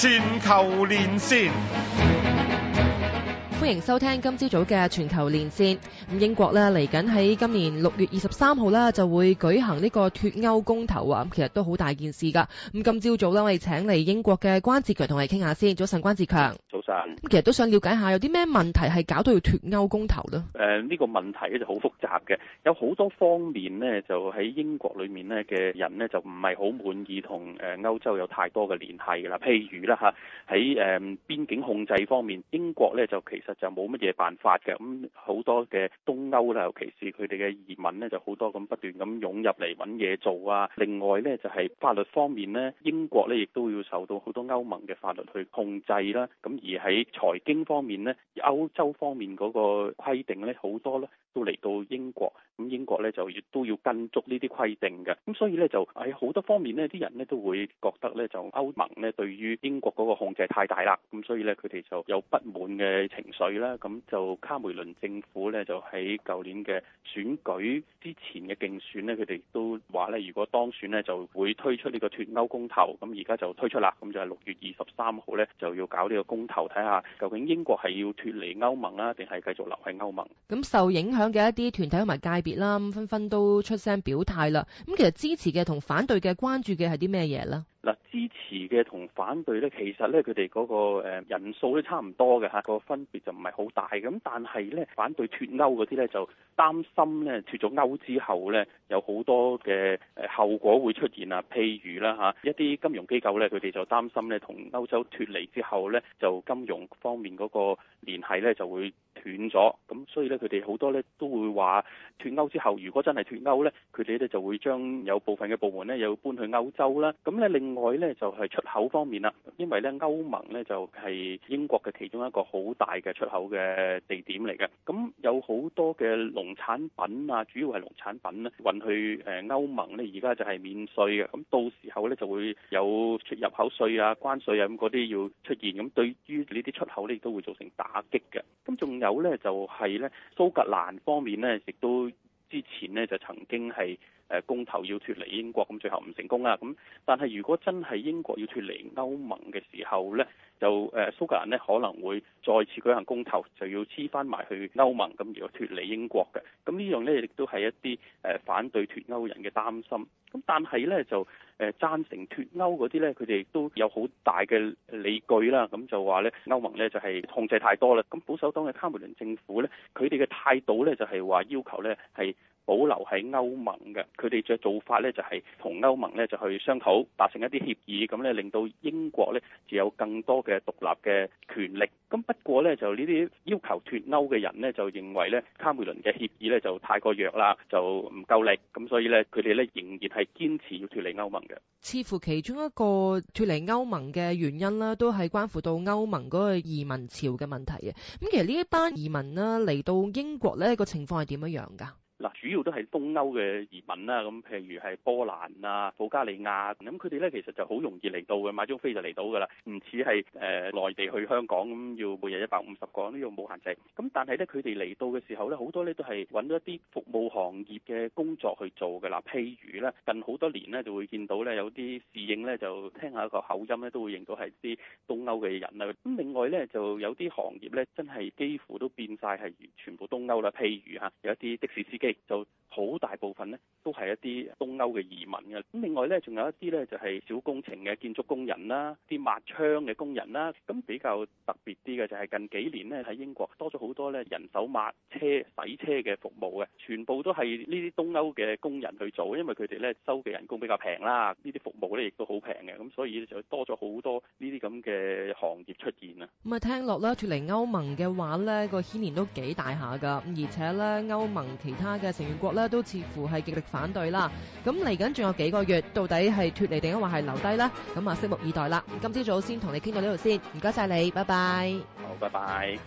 全球連線，歡迎收聽今朝早嘅全球連線。咁英國咧，嚟緊喺今年六月二十三號啦，就會舉行呢個脫歐公投啊！咁其實都好大件事噶。咁今朝早咧，我哋請嚟英國嘅關志強同我哋傾下先。早晨，關志強。其實都想了解下有啲咩問題係搞到要脫歐公投呢？誒、呃、呢、呢個問題咧就好複雜嘅，有好多方面呢，就喺英國裡面呢嘅人呢，就唔係好滿意同誒歐洲有太多嘅聯繫㗎啦。譬如啦嚇，喺誒邊境控制方面，英國呢就其實就冇乜嘢辦法嘅。咁好多嘅東歐啦，尤其是佢哋嘅移民呢，就好多咁不斷咁湧入嚟揾嘢做啊。另外呢，就係、是、法律方面呢，英國呢亦都要受到好多歐盟嘅法律去控制啦。咁而喺財經方面咧，歐洲方面嗰個規定咧，好多咧都嚟到英國。英國咧就亦都要跟足呢啲規定嘅，咁所以咧就喺好多方面呢啲人咧都會覺得咧就歐盟咧對於英國嗰個控制太大啦，咁所以咧佢哋就有不滿嘅情緒啦，咁就卡梅倫政府咧就喺舊年嘅選舉之前嘅競選咧，佢哋都話咧如果當選咧就會推出呢個脱歐公投，咁而家就推出啦，咁就係六月二十三號咧就要搞呢個公投，睇下究竟英國係要脱離歐盟啊，定係繼續留喺歐盟？咁受影響嘅一啲團體同埋界別啦，咁紛紛都出聲表態啦。咁其實支持嘅同反對嘅關注嘅係啲咩嘢呢？嗱，支持嘅同反對呢，其實呢，佢哋嗰個人數都差唔多嘅嚇，個分別就唔係好大。咁但係呢，反對脱歐嗰啲呢，就擔心呢脱咗歐之後呢，有好多嘅誒後果會出現啊。譬如啦嚇，一啲金融機構呢，佢哋就擔心呢，同歐洲脱離之後呢，就金融方面嗰個聯繫呢就會。斷咗，咁所以咧佢哋好多咧都會話脫歐之後，如果真係脫歐咧，佢哋咧就會將有部分嘅部門咧又搬去歐洲啦。咁咧另外咧就係出口方面啦，因為咧歐盟咧就係英國嘅其中一個好大嘅出口嘅地點嚟嘅。咁有好多嘅農產品啊，主要係農產品啦，運去誒歐盟咧而家就係免稅嘅。咁到時候咧就會有出入口稅啊、關稅啊咁嗰啲要出現，咁對於呢啲出口咧都會造成打擊嘅。咁仲有。有咧就係咧蘇格蘭方面咧，亦都之前咧就曾經係誒公投要脱離英國，咁最後唔成功啦。咁但係如果真係英國要脱離歐盟嘅時候咧，就誒蘇格蘭咧可能會再次舉行公投，就要黐翻埋去歐盟，咁而要脱離英國嘅。咁呢樣咧亦都係一啲誒反對脱歐人嘅擔心。咁但係咧就。誒贊成脱歐嗰啲呢，佢哋都有好大嘅理據啦。咁就話呢，歐盟呢就係控制太多啦。咁保守黨嘅卡梅倫政府呢，佢哋嘅態度呢就係話要求呢係保留喺歐盟嘅。佢哋嘅做法呢就係同歐盟呢就去商討，達成一啲協議，咁呢令到英國呢就有更多嘅獨立嘅權力。咁不過呢，就呢啲要求脱歐嘅人呢就認為呢，卡梅倫嘅協議呢就太過弱啦，就唔夠力。咁所以呢，佢哋呢仍然係堅持要脱離歐盟。似乎其中一個脱離歐盟嘅原因啦，都係關乎到歐盟嗰個移民潮嘅問題。咁其實呢一班移民啦，嚟到英國咧，個情況係點樣樣噶？嗱，主要都係東歐嘅移民啦，咁譬如係波蘭啊、保加利亞，咁佢哋咧其實就好容易嚟到嘅，買張飛就嚟到噶啦，唔似係誒內地去香港咁要每日一百五十個，呢個冇限制。咁但係咧佢哋嚟到嘅時候咧，好多咧都係揾到一啲服務行業嘅工作去做㗎啦。譬如咧近好多年咧就會見到咧有啲侍應咧就聽下一個口音咧都會認到係啲東歐嘅人啊。咁另外咧就有啲行業咧真係幾乎都變晒係全部東歐啦，譬如吓有一啲的士司機。亦就好大部分呢都係一啲東歐嘅移民嘅。咁另外呢仲有一啲呢就係小工程嘅建築工人啦，啲抹窗嘅工人啦。咁比較特別啲嘅就係近幾年呢喺英國多咗好多呢人手抹車洗車嘅服務嘅，全部都係呢啲東歐嘅工人去做，因為佢哋呢收嘅人工比較平啦。呢啲服務呢亦都好平嘅，咁所以就多咗好多呢啲咁嘅行業出現啊。咁啊聽落咧，脫離歐盟嘅話呢個牽連都幾大下噶，而且呢歐盟其他，嘅成員國咧都似乎係極力反對啦，咁嚟緊仲有幾個月，到底係脫離定抑或係留低咧？咁啊，拭目以待啦！今朝早先同你傾到呢度先，唔該晒你，拜拜。好，拜拜。